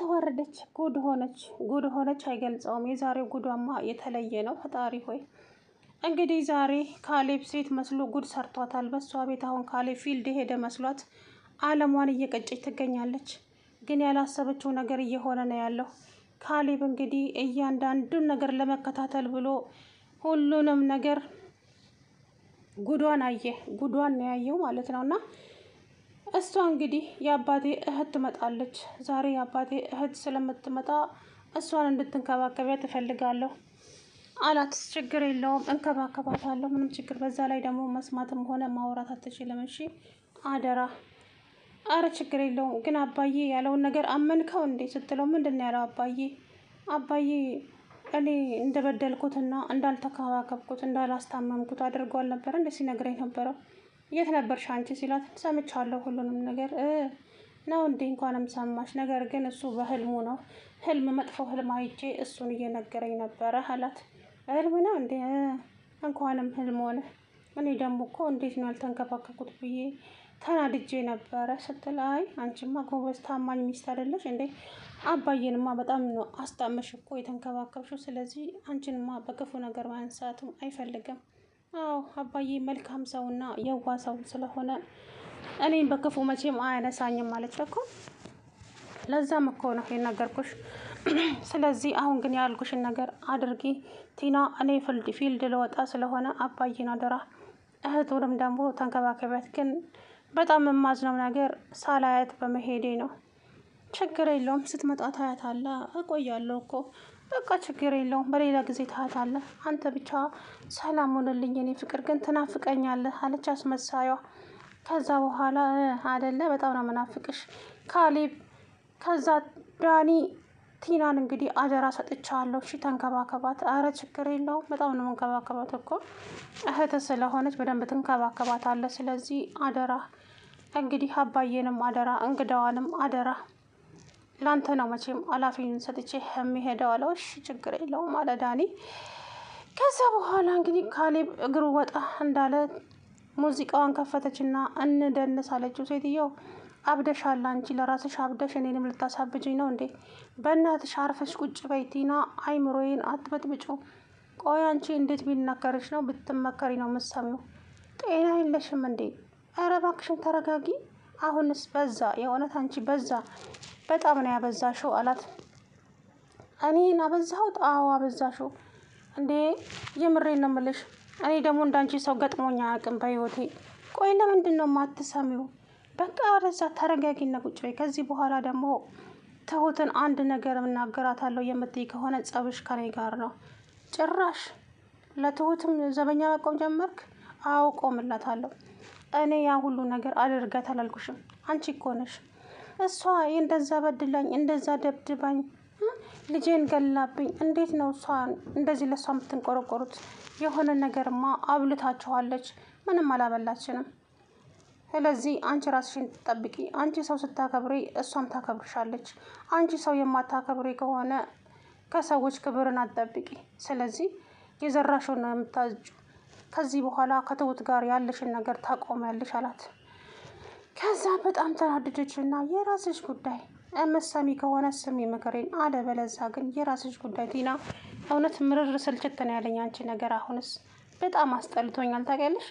ተዋረደች፣ ጉድ ሆነች፣ ጉድ ሆነች አይገልጸውም። የዛሬው ጉዷማ የተለየ ነው። ፈጣሪ ሆይ እንግዲህ ዛሬ ካሌብ ሴት መስሎ ጉድ ሰርቷታል። በሷ ቤት አሁን ካሌብ ፊልድ ሄደ መስሏት አለሟን እየቀጨች ትገኛለች። ግን ያላሰበችው ነገር እየሆነ ነው ያለው። ካሌብ እንግዲህ እያንዳንዱን ነገር ለመከታተል ብሎ ሁሉንም ነገር ጉዷን አየ። ጉዷን ነው ያየው ማለት ነው እና እሷ እንግዲህ የአባቴ እህት ትመጣለች። ዛሬ የአባቴ እህት ስለምትመጣ እሷን እንድትንከባከቢያ ትፈልጋለሁ አላት። ችግር የለውም እንከባከባታለሁ፣ ምንም ችግር። በዛ ላይ ደግሞ መስማትም ሆነ ማውራት አትችልም። እሺ አደራ። አረ ችግር የለውም ግን አባዬ ያለውን ነገር አመንከው እንዴ ስትለው፣ ምንድን ነው ያለው አባዬ? አባዬ እኔ እንደበደልኩትና እንዳልተከባከብኩት እንዳላስታመምኩት አድርጓል ነበር እንደ ሲነግረኝ ነበረው የት ነበርሽ አንቺ ሲላት ሰምቻለሁ ሁሉንም ነገር ነው እንዴ? እንኳንም ሰማሽ። ነገር ግን እሱ በህልሙ ነው ህልም፣ መጥፎ ህልም አይቼ እሱን እየነገረኝ ነበረ አላት። ህልም ነው እንዴ? እንኳንም ህልም ሆነ። እኔ ደግሞ እኮ እንዴት ነው ያልተንከባከብኩት ብዬ ተናድጄ ነበረ ስትል፣ አይ አንቺማ ጎበዝ ታማኝ ሚስት አይደለሽ እንዴ? አባዬንማ በጣም ነው አስጣመሽ እኮ የተንከባከብሽው። ስለዚህ አንቺንማ በክፉ ነገር ማንሳቱ አይፈልግም። አዎ አባዬ መልካም ሰውና የዋ ሰው ስለሆነ እኔን በክፉ መቼም አያነሳኝም ማለት እኮ ለዛም እኮ ነው የነገርኩሽ። ስለዚህ አሁን ግን ያልኩሽን ነገር አድርጊ ቲና። እኔ ፊልድ ልወጣ ስለሆነ አባዬን አደራ እህቱንም ደግሞ ተንከባከቢያት። ግን በጣም የማዝነው ነገር ሳላያት በመሄዴ ነው። ችግር የለውም ስትመጣ ታያታለህ። እቆያለሁ እኮ በቃ ችግር የለውም በሌላ ጊዜ ታያታለህ። አንተ ብቻ ሰላም ሆንልኝ፣ የኔ ፍቅር ግን ትናፍቀኛለህ አለች አስመሳይዋ። ከዛ በኋላ አይደለ በጣም ነው መናፍቅሽ ካሌብ። ከዛ ዳኒ ቲናን እንግዲህ አደራ ሰጥቻለሁ እሺ ተንከባከባት። አረ ችግር የለውም በጣም ነው መንከባከባት እኮ እህት ስለሆነች በደንብ ትንከባከባት አለ። ስለዚህ አደራ እንግዲህ አባዬንም አደራ እንግዳዋንም አደራ ላንተ ነው መቼም አላፊን ሰጥቼ የሚሄደው አለው። እሺ ችግር የለውም አለ ዳኒ። ከዛ በኋላ እንግዲህ ካሌብ እግሩ ወጣ እንዳለ ሙዚቃዋን ከፈተችና እንደንስ አለችው። ሴትየው አብደሻል፣ አንቺ ለራስሽ አብደሽ እኔንም ልታሳብጅኝ ነው እንዴ? በእናትሽ አርፈሽ ቁጭ በይቲና አይምሮዬን አትበጥብጩ። ቆይ አንቺ እንዴት ቢናገርሽ ነው ብትመከሪ ነው ምሰሚው? ጤና የለሽም እንዴ? ኧረ እባክሽን ተረጋጊ አሁንስ በዛ፣ የእውነት አንቺ በዛ፣ በጣም ነው ያበዛሽው አላት። እኔን አበዛሁት? አዎ አበዛሽው። እንዴ የምሬን ነው የምልሽ። እኔ ደግሞ እንዳንቺ ሰው ገጥሞኝ አያውቅም በህይወቴ። ቆይ ለምንድን ነው የማትሰሚው? በቃ ወደዛ ተረጋጊና ቁጭ በይ። ከዚህ በኋላ ደግሞ ትሁትን አንድ ነገር እናገራታለሁ የምትይ ከሆነ ጸብሽ ከኔ ጋር ነው። ጭራሽ ለትሁትም ዘበኛ መቆም ጀመርክ? አዎ ቆምላታለሁ። እኔ ያ ሁሉ ነገር አድርጋት አላልኩሽም? አንቺ እኮ ነሽ እሷ እንደዛ በድላኝ እንደዛ ደብድባኝ ልጄን ገላብኝ። እንዴት ነው እሷ እንደዚህ ለእሷ የምትንቆረቆሩት? የሆነ ነገርማ አብልታችኋለች። ምንም አላበላችንም። ስለዚህ አንቺ ራስሽን ትጠብቂ። አንቺ ሰው ስታከብሪ እሷም ታከብርሻለች። አንቺ ሰው የማታከብሪ ከሆነ ከሰዎች ክብርን አትጠብቂ። ስለዚህ የዘራሽውን ነው የምታጭው። ከዚህ በኋላ ከትሁት ጋር ያለሽን ነገር ታቆሚያለሽ አላት። ከዛ በጣም ተናደደች እና የራስሽ ጉዳይ እምትሰሚ ከሆነ ስሚ ምክሬን፣ አለበለዚያ ግን የራስሽ ጉዳይ ቲና። እውነት ምርር ስልችት ነው ያለኝ አንቺ ነገር። አሁንስ በጣም አስጠልቶኛል ታውቂያለሽ።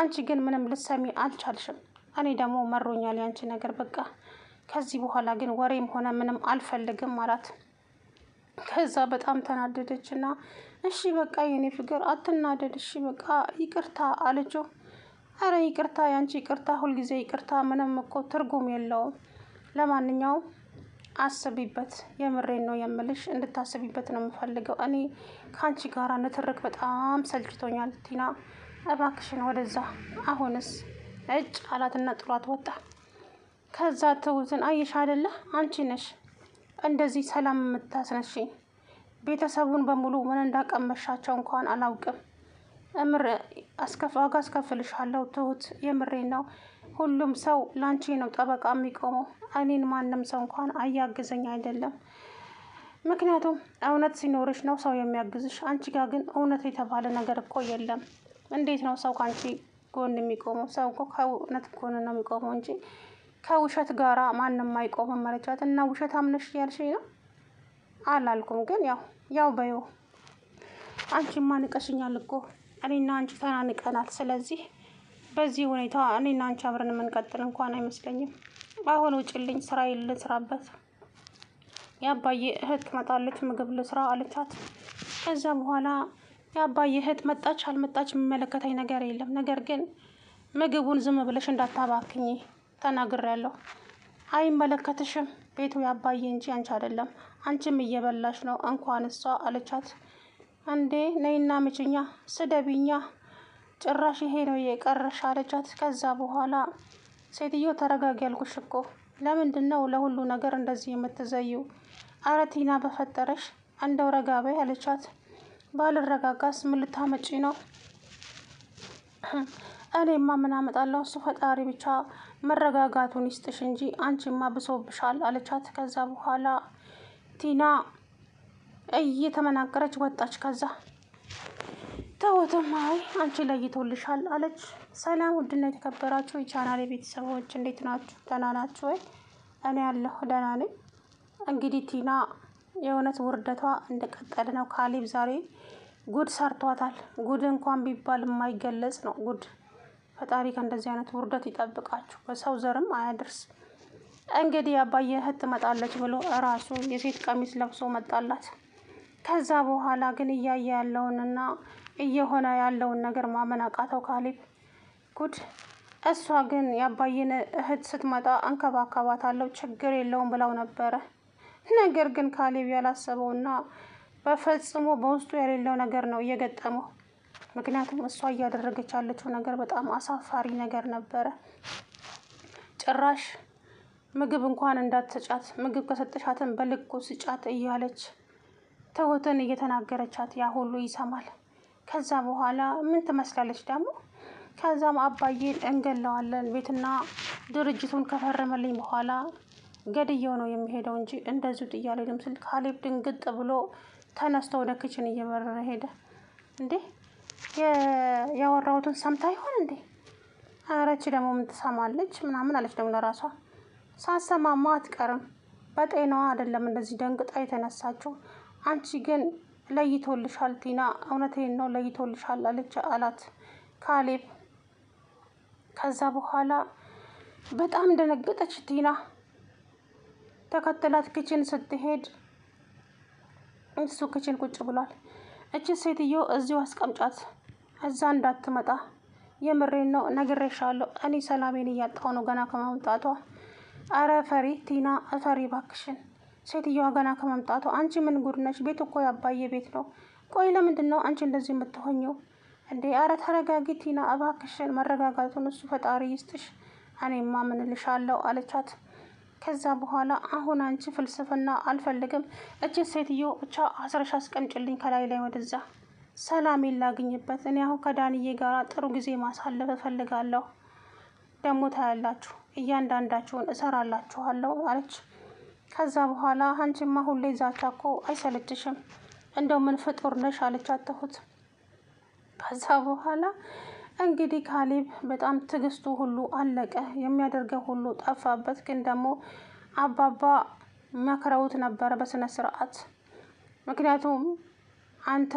አንቺ ግን ምንም ልትሰሚ አልቻልሽም። እኔ ደግሞ መሮኛል ያንቺ ነገር በቃ። ከዚህ በኋላ ግን ወሬም ሆነ ምንም አልፈልግም አላት። ከዛ በጣም ተናደደች እና እሺ በቃ የኔ ፍቅር አትናደድ፣ እሺ በቃ ይቅርታ አለችው። አረ ይቅርታ፣ ያንቺ ይቅርታ፣ ሁልጊዜ ይቅርታ ምንም እኮ ትርጉም የለውም። ለማንኛውም አስቢበት፣ የምሬን ነው የምልሽ፣ እንድታስቢበት ነው የምፈልገው። እኔ ከአንቺ ጋር ንትርክ በጣም ሰልችቶኛል ቲና፣ እባክሽን ወደዛ። አሁንስ እጭ አላትና ጥሏት ወጣ። ከዛ ትሁትን አየሽ አይደለ አንቺ ነሽ እንደዚህ ሰላም የምታስነሽኝ ቤተሰቡን በሙሉ ምን እንዳቀመሻቸው እንኳን አላውቅም። እምር አስከፋጋ አስከፍልሻለሁ ትሁት፣ የምሬ ነው። ሁሉም ሰው ላንቺ ነው ጠበቃ የሚቆመው። እኔን ማንም ሰው እንኳን አያግዘኝ አይደለም። ምክንያቱም እውነት ሲኖርሽ ነው ሰው የሚያግዝሽ። አንቺ ጋር ግን እውነት የተባለ ነገር እኮ የለም። እንዴት ነው ሰው ከአንቺ ጎን የሚቆመው? ሰው እኮ ከእውነት ጎን ነው የሚቆመው እንጂ ከውሸት ጋራ ማንም አይቆምም። መረጃት እና ውሸት አምነሽ ያልሽ ነው አላልኩም ግን ያው ያው በዩ አንቺማ ንቀሽኛል እኮ እኔና አንቺ ተናንቀናል። ስለዚህ በዚህ ሁኔታ እኔና አንቺ አብረን የምንቀጥል እንኳን አይመስለኝም። አሁን ውጭልኝ፣ ስራ ልስራበት፣ የአባዬ እህት ትመጣለች፣ ምግብ ልስራ አለቻት። ከዛ በኋላ የአባዬ እህት መጣች አልመጣች የሚመለከተኝ ነገር የለም። ነገር ግን ምግቡን ዝም ብለሽ እንዳታባክኝ ተናግሬያለሁ። አይመለከትሽም ቤቱ ያባዬ እንጂ አንቺ አይደለም። አንቺም እየበላሽ ነው እንኳን እሷ አለቻት። እንዴ ነይና ምችኛ፣ ስደቢኛ፣ ጭራሽ ይሄ ነው የቀረሽ አለቻት። ከዛ በኋላ ሴትዮ ተረጋጊ ያልኩሽ እኮ ለምንድን ነው ለሁሉ ነገር እንደዚህ የምትዘዩ? አረ ቲና በፈጠረሽ እንደው ረጋ በይ አለቻት። ባልረጋጋስ ምን ልታመጪ ነው? እኔማ ምን አመጣለሁ? እሱ ፈጣሪ ብቻ መረጋጋቱን ይስጥሽ እንጂ አንቺማ ብሶብሻል አለቻት። ከዛ በኋላ ቲና እየተመናገረች ወጣች። ከዛ ተወትም አይ አንቺ ለይቶልሻል አለች። ሰላም ውድና የተከበራችሁ የቻናሌ ቤተሰቦች እንዴት ናችሁ? ደህና ናችሁ ወይ? እኔ ያለሁ ደህና ነኝ። እንግዲህ ቲና የእውነት ውርደቷ እንደቀጠለ ነው። ካሌብ ዛሬ ጉድ ሰርቷታል። ጉድ እንኳን ቢባል የማይገለጽ ነው ጉድ ፈጣሪ ከእንደዚህ አይነት ውርደት ይጠብቃችሁ፣ በሰው ዘርም አያድርስ። እንግዲህ አባዬ እህት ትመጣለች ብሎ እራሱ የሴት ቀሚስ ለብሶ መጣላት። ከዛ በኋላ ግን እያየ ያለውንና እየሆነ ያለውን ነገር ማመን አቃተው ካሌብ። ጉድ! እሷ ግን የአባዬን እህት ስትመጣ እንከባከባታለሁ ችግር የለውም ብለው ነበረ። ነገር ግን ካሌብ ያላሰበውና በፈጽሞ በውስጡ የሌለው ነገር ነው እየገጠመው። ምክንያቱም እሷ እያደረገች ያለችው ነገር በጣም አሳፋሪ ነገር ነበረ። ጭራሽ ምግብ እንኳን እንዳትሰጫት ምግብ ከሰጠሻትን በልኩ ስጫት እያለች ትሁትን እየተናገረቻት ያ ሁሉ ይሰማል። ከዛ በኋላ ምን ትመስላለች ደግሞ ከዛም አባዬን እንገለዋለን ቤትና ድርጅቱን ከፈረመልኝ በኋላ ገድየው ነው የሚሄደው እንጂ እንደዚሁ ጥዬ አልሄድም ካሌብ ድንግጥ ብሎ ተነስቶ ወደ ክችን እየበረረ ሄደ። እንዴ ያወራሁትን ሰምታ ይሆን እንዴ? አረች ደግሞ ምን ትሰማለች ምናምን አለች ደግሞ ለራሷ። ሳሰማማ አትቀርም። በጤናዋ አይደለም እንደዚህ ደንግጣ የተነሳችው። አንቺ ግን ለይቶልሻል ቲና፣ እውነቴን ነው ለይቶልሻል አለች አላት ካሌብ። ከዛ በኋላ በጣም ደነገጠች ቲና። ተከትላት ክችን ስትሄድ እሱ ክችን ቁጭ ብሏል። እች ሴትዮ እዚሁ አስቀምጫት እዛ እንዳትመጣ የምሬን ነው ነግሬሻለሁ። እኔ ሰላሜን እያጣሁ ነው ገና ከመምጣቷ። አረ ፈሪ ቲና ፈሪ ባክሽን። ሴትዮዋ ገና ከመምጣቷ አንቺ ምን ጉድ ነሽ? ቤት እኮ ያባየ ቤት ነው። ቆይ ለምንድን ነው አንቺ እንደዚህ የምትሆኘው እንዴ? አረ ተረጋጊ ቲና እባክሽን። መረጋጋቱን እሱ ፈጣሪ ይስጥሽ። እኔማ ምን እልሻለሁ አለቻት። ከዛ በኋላ አሁን አንቺ ፍልስፍና አልፈልግም። እችን ሴትዮ ብቻ አስረሽ አስቀምጭልኝ ከላይ ላይ ወደዛ ሰላሜን ላግኝበት። እኔ አሁን ከዳንዬ ጋር ጥሩ ጊዜ ማሳለፍ እፈልጋለሁ። ደግሞ ታያላችሁ፣ እያንዳንዳችሁን እሰራላችኋለሁ አለች። ከዛ በኋላ አንቺማ ሁሌ ዛቻ እኮ አይሰለችሽም፣ እንደው ምን ፍጡር ነሽ አለች ትሁት። ከዛ በኋላ እንግዲህ ካሌብ በጣም ትዕግስቱ ሁሉ አለቀ። የሚያደርገው ሁሉ ጠፋበት። ግን ደግሞ አባባ መክረውት ነበረ በስነ ስርዓት። ምክንያቱም አንተ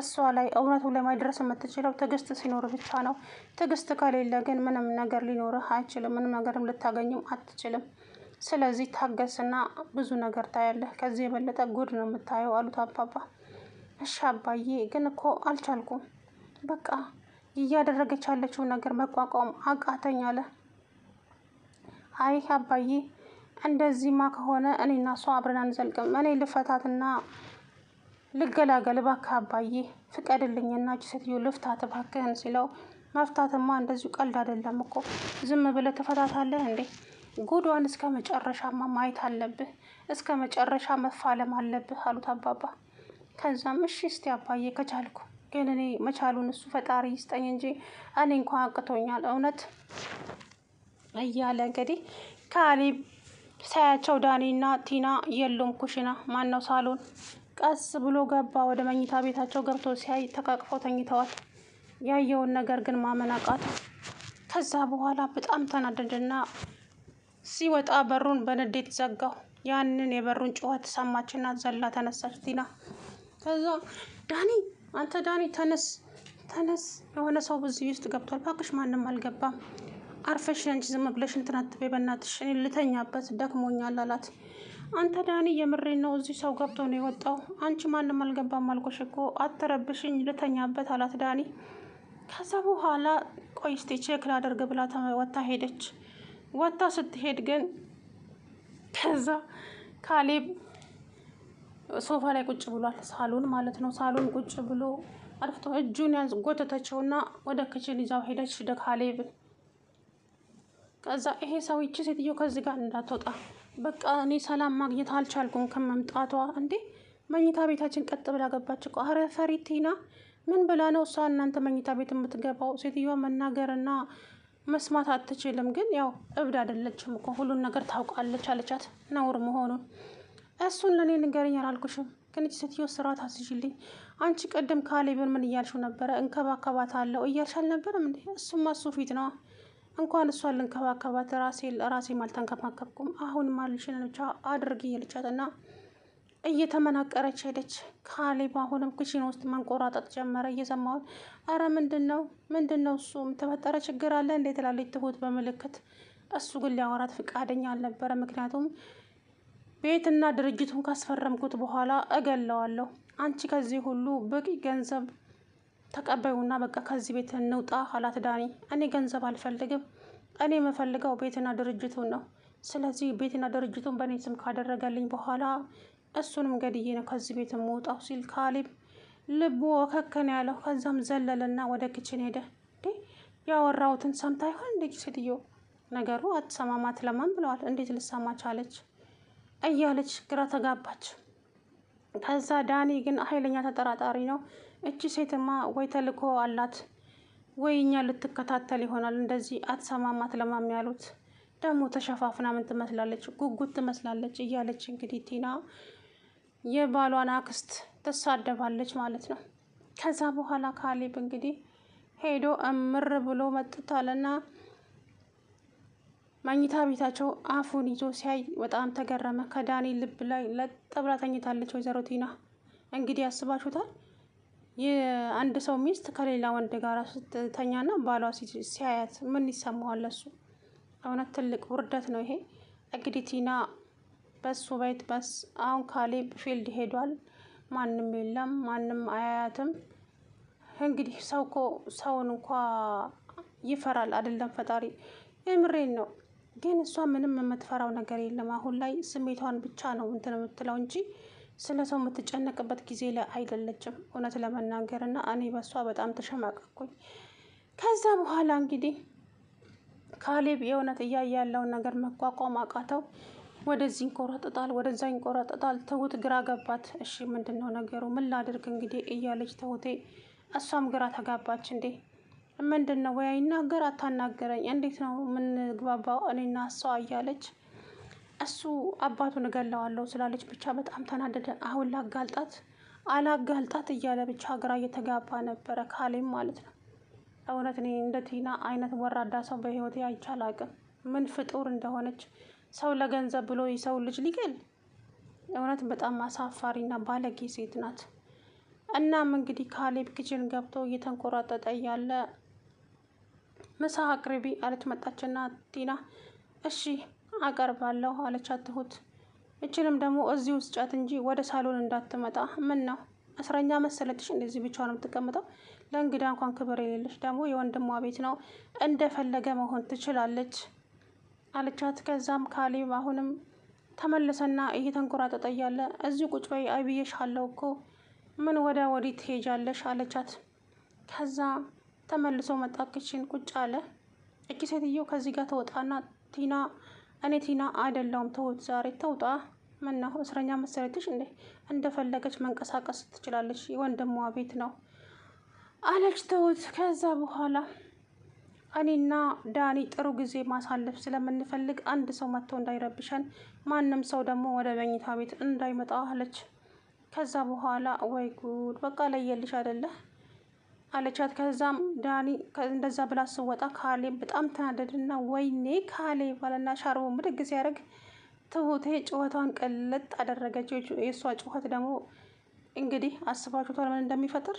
እሷ ላይ እውነቱ ላይ ማድረስ የምትችለው ትዕግስት ሲኖር ብቻ ነው። ትዕግስት ከሌለ ግን ምንም ነገር ሊኖርህ አይችልም። ምንም ነገርም ልታገኝም አትችልም። ስለዚህ ታገስና ብዙ ነገር ታያለህ። ከዚህ የበለጠ ጉድ ነው የምታየው አሉት አባባ። እሺ አባዬ፣ ግን እኮ አልቻልኩም። በቃ እያደረገች ያለችውን ነገር መቋቋም አቃተኝ አለ። አይ አባዬ፣ እንደዚህማ ከሆነ እኔና እሷ አብረን አንዘልቅም። እኔ ልፈታትና ልገላገል እባክህ አባዬ ፍቀድልኝና እጅ ሴትዮ ልፍታት እባክህን ሲለው መፍታትማ እንደዚሁ ቀልድ አይደለም እኮ ዝም ብለህ ትፈታታለህ እንዴ? ጉዷን እስከ መጨረሻማ ማየት አለብህ፣ እስከ መጨረሻ መፋለም አለብህ አሉት አባባ። ከዛም እሺ እስቲ አባዬ ከቻልኩ ግን እኔ መቻሉን እሱ ፈጣሪ ይስጠኝ እንጂ እኔ እንኳን አቅቶኛል እውነት እያለ እንግዲህ ካሌብ ሳያቸው ዳኒና ቲና የሉም ኩሽና ማን ነው ሳሎን ቀስ ብሎ ገባ። ወደ መኝታ ቤታቸው ገብቶ ሲያይ ተቃቅፈው ተኝተዋል። ያየውን ነገር ግን ማመን አቃተው። ከዛ በኋላ በጣም ተናደደና ሲወጣ በሩን በንዴት ዘጋው። ያንን የበሩን ጩኸት ሰማችና ዘላ ተነሳች ቲና። ከዛ ዳኒ አንተ ዳኒ ተነስ ተነስ፣ የሆነ ሰው ብዙ ውስጥ ገብቷል። እባክሽ ማንም አልገባም፣ አርፈሽ አንቺ ዝም ብለሽ እንትን አትበይ በእናትሽ፣ እኔ ልተኛበት ደክሞኛል አላት። አንተ ዳኒ የምሬ ነው። እዚህ ሰው ገብቶ ነው የወጣው። አንቺ ማንም አልገባም አልኩሽ እኮ አትረብሽኝ፣ ልተኛበት አላት ዳኒ። ከዛ በኋላ ቆይ እስቲ ቼክ ላደርግ ብላ ወታ ሄደች። ወታ ስትሄድ ግን ከዛ ካሌብ ሶፋ ላይ ቁጭ ብሏል። ሳሎን ማለት ነው። ሳሎን ቁጭ ብሎ አርፍቶ እጁን ያዝ ጎተተችውና ወደ ክችን ይዛው ሄደች ካሌብን። ከዛ ይሄ ሰው ይቺ ሴትዮ ከዚህ ጋር እንዳትወጣ በቃ እኔ ሰላም ማግኘት አልቻልኩም ከመምጣቷ። እንዴ መኝታ ቤታችን ቀጥ ብላ ገባች እኮ። አረ ፈሪቲና ምን ብላ ነው እሷ እናንተ መኝታ ቤት የምትገባው? ሴትዮዋ መናገርና መስማት አትችልም፣ ግን ያው እብድ አይደለችም እኮ ሁሉን ነገር ታውቃለች አለቻት። ነውር መሆኑን እሱን ለእኔ ንገረኝ አላልኩሽም? ግን ሴትዮ ስራ ታስይልኝ። አንቺ ቅድም ካሌብን ምን እያልሽው ነበረ? እንከባከባታለሁ እያልሽ አልነበረም እንዴ? እሱማ እሱ ፊት ነዋ እንኳን እሷ ልንከባከባት ራሴ ራሴም አልተንከባከብኩም። አሁን ማልሽን ብቻ አድርጊ እየልቻትና እየተመናቀረች ሄደች። ካሌብ አሁንም ኩሽን ውስጥ መንቆራጠጥ ጀመረ እየሰማሁት። አረ ምንድን ነው ምንድን ነው እሱ የተፈጠረ ችግር አለ እንዴ ትላለች ትሁት በምልክት። እሱ ግን ሊያወራት ፍቃደኛ አልነበረ። ምክንያቱም ቤትና ድርጅቱን ካስፈረምኩት በኋላ እገለዋለሁ። አንቺ ከዚህ ሁሉ በቂ ገንዘብ ተቀበዩና በቃ ከዚህ ቤት እንውጣ አላት ዳኒ። እኔ ገንዘብ አልፈልግም፣ እኔ የምፈልገው ቤትና ድርጅቱን ነው። ስለዚህ ቤትና ድርጅቱን በእኔ ስም ካደረገልኝ በኋላ እሱንም ገድዬ ነው ከዚህ ቤት የምወጣው ሲል ካሌብ ልቡ ወከከን ያለው። ከዛም ዘለልና ወደ ክችን ሄደ። ያወራሁትን ሰምታ ይሆን እንዴ ሴትዮ? ነገሩ አትሰማማት ለማን ብለዋል። እንዴት ልሰማ ቻለች? እያለች ግራ ተጋባች። ከዛ ዳኒ ግን ኃይለኛ ተጠራጣሪ ነው። እቺ ሴትማ ወይ ተልእኮ አላት ወይ እኛ ልትከታተል ይሆናል። እንደዚህ አትሰማማት ለማም ያሉት ደግሞ ተሸፋፍና ምን ትመስላለች፣ ጉጉት ትመስላለች እያለች እንግዲህ ቲና የባሏን አክስት ትሳደባለች ማለት ነው። ከዛ በኋላ ካሌብ እንግዲህ ሄዶ እምር ብሎ መጥቷልና መኝታ ቤታቸው አፉን ይዞ ሲያይ በጣም ተገረመ። ከዳኒ ልብ ላይ ለጥ ብላ ተኝታለች ወይዘሮ ቲና። እንግዲህ ያስባችሁታል የአንድ ሰው ሚስት ከሌላ ወንድ ጋር ስትተኛና ባሏ ሲያያት ምን ይሰማዋል? እሱ እውነት ትልቅ ውርደት ነው ይሄ። እንግዲህ ቲና በሱ ቤት በስ አሁን ካሌብ ፊልድ ሄዷል። ማንም የለም፣ ማንም አያያትም። እንግዲህ ሰው እኮ ሰውን እንኳ ይፈራል አይደለም ፈጣሪ። የምሬን ነው። ግን እሷ ምንም የምትፈራው ነገር የለም። አሁን ላይ ስሜቷን ብቻ ነው እንትን የምትለው እንጂ ስለ ሰው የምትጨነቅበት ጊዜ ላይ አይደለችም። እውነት ለመናገር እና እኔ በሷ በጣም ተሸማቀኩኝ ከዛ በኋላ እንግዲህ ካሌብ የእውነት እያየ ያለውን ነገር መቋቋም አቃተው። ወደዚህ ይንቆረጥጣል፣ ወደዛ ይንቆረጥጣል። ትሁት ግራ ገባት። እሺ ምንድን ነው ነገሩ? ምን ላድርግ እንግዲህ እያለች ትሁቴ እሷም ግራ ተጋባች። እንዴ ምንድን ነው ወይ ይናገር አታናገረኝ፣ እንዴት ነው የምንግባባው እኔና እሷ እያለች እሱ አባቱን እገለዋለሁ ስላለች ብቻ በጣም ተናደደ። አሁን ላጋልጣት አላጋልጣት እያለ ብቻ ግራ እየተጋባ ነበረ ካሌም ማለት ነው። እውነት እኔ እንደ ቲና አይነት ወራዳ ሰው በህይወቴ አይቼ አቅም ምን ፍጡር እንደሆነች ሰው ለገንዘብ ብሎ የሰው ልጅ ሊገል እውነት በጣም አሳፋሪና ባለጌ ሴት ናት። እናም እንግዲህ ካሌብ ክችን ገብቶ እየተንቆራጠጠ እያለ ምሳ አቅርቢ አለች። መጣችና ቲና እሺ አቀርባለሁ አለች ትሁት። እችንም ደግሞ እዚህ ውስጫት እንጂ ወደ ሳሎን እንዳትመጣ። ምን ነው እስረኛ መሰለትሽ? እንደዚህ ብቻዋን የምትቀምጠው ለእንግዳ እንኳን ክብር የሌለች ደግሞ የወንድሟ ቤት ነው እንደፈለገ መሆን ትችላለች አለቻት። ከዛም ካሌብ አሁንም ተመለሰና እየተንቆራጠጠ እያለ እዚህ ቁጭ በይ አለው እኮ ምን ወደ ወዲህ ትሄጃለሽ? አለቻት። ከዛ ተመልሶ መጣ፣ ቁጭ አለ። እቺ ሴትዮ ከዚህ ጋር ተወጣና ቲና እኔ ቲና አይደለውም። ተውት፣ ዛሬ ተውጣ። ምነው እስረኛ መሰለችሽ እንዴ? እንደፈለገች መንቀሳቀስ ትችላለች፣ የወንድሟ ቤት ነው አለች። ተውት። ከዛ በኋላ እኔና ዳኒ ጥሩ ጊዜ ማሳለፍ ስለምንፈልግ አንድ ሰው መጥቶ እንዳይረብሸን፣ ማንም ሰው ደግሞ ወደ መኝታ ቤት እንዳይመጣ አለች። ከዛ በኋላ ወይ ጉድ በቃ ለየልሽ አይደለ አለቻት። ከዛም ዳኒ እንደዛ ብላ ስወጣ ካሌብ በጣም ተናደድና ወይኔ ካሌብ አለና ሻርቦ ምድግ ሲያደርግ ትሁቴ ጩኸቷን ቅልጥ አደረገችው። የእሷ ጩኸት ደግሞ እንግዲህ አስባችሁታል ምን እንደሚፈጥር።